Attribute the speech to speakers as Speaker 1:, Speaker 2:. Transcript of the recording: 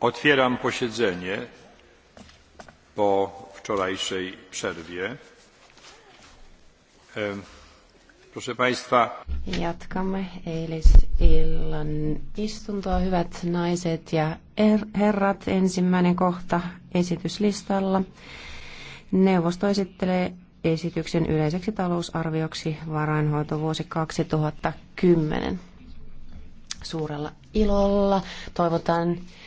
Speaker 1: otwieram
Speaker 2: posiedzenie po wczorajszej przerwie. Proszę Państwa.
Speaker 3: Jatkamme eilisillan istuntoa, hyvät naiset ja er-, herrat. Ensimmäinen kohta esityslistalla. Neuvosto esittelee esityksen yleiseksi talousarvioksi varainhoitovuosi 2010. Suurella ilolla toivotan